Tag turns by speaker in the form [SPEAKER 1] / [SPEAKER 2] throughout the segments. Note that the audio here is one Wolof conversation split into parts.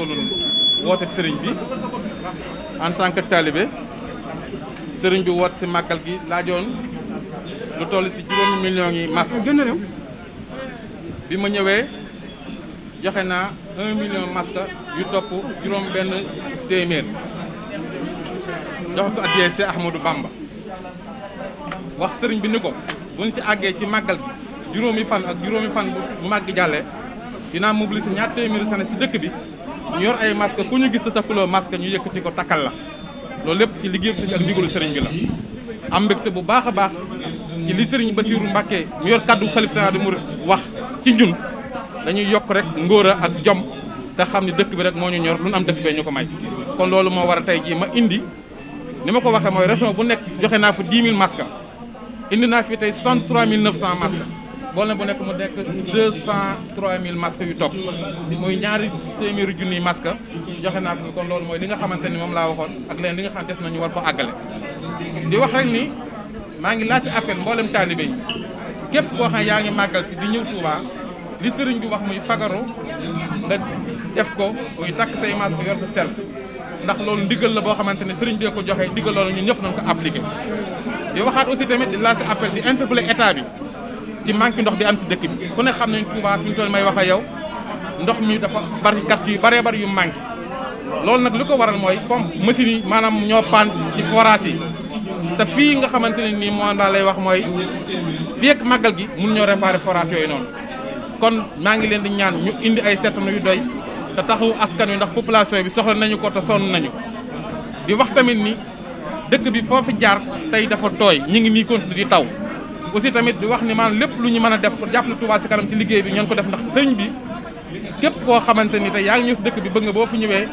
[SPEAKER 1] góorgóorlu woote sëriñ bi en tant que talibé sëriñ bi woote si màggal gi laajoon lu toll si juróomi millions yi masque bi ma ñëwee joxe na un million masque yu topp juróom benn téeméer jox addiyee si Ahmadou Bamba wax sëriñ bi ni ko buñ si àggee ci màggal gi juróomi fan ak juróomi fan bu màgg jàllee dinaa mobiliser ñaar téeméeri sane si dëkk bi ñu yor ay masque ku ñu gis te takkuloo masque ñu yëkkati ko takkal la loolu lépp ci liggéey sëñ ak ndigalu sëriñ bi la am mbégte bu baax a baax ci li sëriñ Bassirou Mbacké mu yor kaddu xalif général mu mourides wax ci ñun dañuy yokk rek ngóor a ak jom te xam ni dëkk bi rek moo ñu ñor lu am dëkk bee ñu ko may kon loolu moo war a tey jii ma indi ni ma ko waxee mooy région bu nekk joxe naa fa 10 000 masques indi naa fi tey 63 900 masques boole bu nekk mu nekk deux cent trois mille masques yu topp muy ñaari téeméeri junniy masque joxe naa ko kon loolu mooy li nga xamante ni moom laa waxoon ak leen li nga xam des nañu war ko àggale di wax rek ni maa ngi laaj si appel mboolem taalibe yi képp koo xam yaa ngi màggal si di ñëw Touba li sëriñ bi wax muy fagaro nga def ko muy takk say masque yor sa sel ndax loolu ndigal la boo xamante ne sëriñ bi ko joxe ndigal loolu ñun ñëpp nañ ko appliqué di waxaat aussi tamit di laaj si appel di interpeller bi ci manque ndox bi am si dëkk bi ku ne xam nañ Touba fi may wax ak yow ndox mi dafa bari quartier yu baree bari yu manque loolu nag li ko waral mooy pompe machine yi maanaam ñoo paan ci forage yi te fii nga xamante ne nii moo laa lay wax mooy fii ak màggal gi mun ñoo réparer forage yooyu noonu kon maa ngi leen di ñaan ñu indi ay seetlu yu doy te taxu askan wi ndax population bi soxla nañu ko te sonn nañu di wax tamit ni dëkk bi foofu jaar tey dafa tooy ñu ngi nii continué di taw aussi tamit di wax ni maanaam lépp lu ñu mën a def pour jàpp na Touba si kanam ci liggéey bi ñoo ko def ndax sëñ bi képp koo xamante ni tey yaa ngi ñëw dëkk bi bëgg nga boo fi ñëwee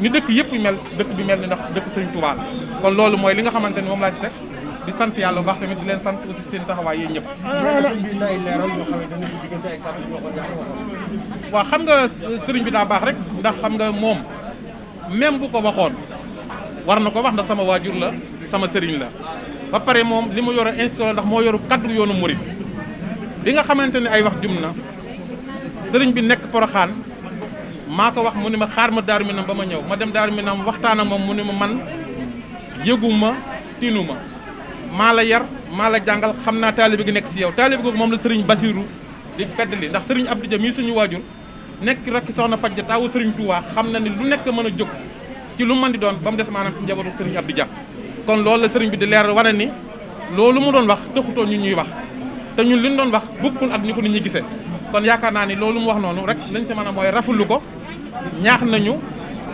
[SPEAKER 1] ni dëkk yëpp mel dëkk bi mel ni ndax dëkk sëñ Touba la kon loolu mooy li nga xamante ni moom laa ci di sant yàlla bu baax tamit di leen sant aussi seen taxawaay yéen ñëpp. waa xam nga sëriñ bi daa baax rek ndax xam nga moom même bu ko waxoon war na ko wax ndax sama waajur la sama sëriñ la ba pare moom li mu yor a installé ndax moo yoru kaddu yoonu murit bi nga xamante ne ay wax jum na sëriñ bi nekk poroxaan maa ko wax mu ni ma xaar ma daaru minam ba ma ñëw ma dem daaru minam waxtaan ak moom mu ni ma man yëguma tinu ma maa la yar maa la jàngal xam naa taalibe gi nekk si yow taalibe googu moom la sëriñ Basiru di feddali ndax sëriñ Abdou Dia mii suñu waajur nekk rakki soxna ja taawu sëriñ Touba xam na ni lu nekk mën a jóg ci lu mën di doon ba mu des maanaam ci njabootu sëriñ Abdou Dia kon loolu la sëriñ bi di leer wane ni loolu mu doon wax taxutoon ñu ñuy wax te ñun li ñu doon wax bokkul ak ñu ko nit ñi gisee kon yaakaar naa ni loolu mu wax noonu rek lañ si mën a mooy rafetlu ko ñaax nañu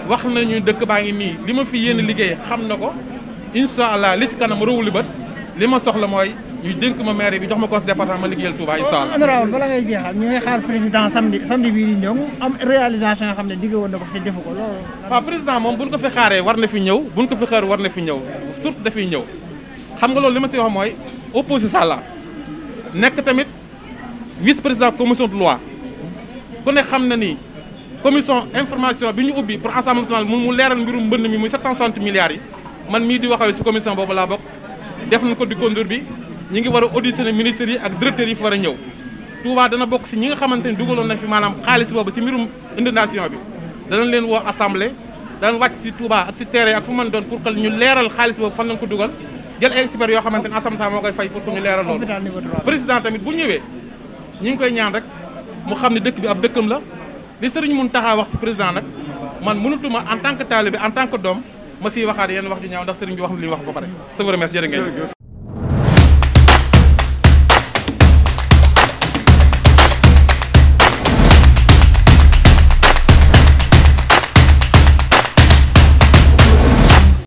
[SPEAKER 1] wax nañu dëkk baa ngi nii li ma fi yéen liggéey xam na ko incha allah li ci kanam rëwuli bët li ma soxla mooy ñu dénk ma maire bi jox ma ko département ma liggéeyal Touba incha allah. honorable bala ngay jeexal ñu ngi xaar président samedi samedi xam ne digg woon na ko fi defu ko loolu. waaw moom buñ xaaree war na fi ñëw buñ ko fi xaar war na fi ñëw. surtout dafay ñëw xam nga loolu li ma si wax mooy opposé Salla nekk tamit vice président commission de loi ku ne xam na ni commission information bi ñu ubbi pour assemblée nationale mu leeral mbirum mbënd mi muy 760 milliards yi man mii di waxawee si commission boobu laa bokk def nañ ko di conduire bi ñi ngi war a auditionner ministres yi ak directeurs yi fi war a ñëw Touba dana bokk si ñi nga xamante ni dugaloon na fi maanaam xaalis boobu si mbirum inondation bi danañ leen woo assemblée daan wàcc si Touba ak si terrain ak fu mën doon pour que ñu leeral xaalis boobu fan lañ ko dugal jël ay experts yoo xamante ne asamsa moo koy fay pour que ñu leeral président tamit bu ñëwee ñi ngi koy ñaan rek mu xam ne dëkk bi ab dëkkam la li sëriñ mun taxa wax si président nag man mënutuma en tant que taalibe en tant que doom ma siy waxaat yenn wax ju ñaaw ndax sëriñ bi wax na li mu wax ba pare sa jërë ngeen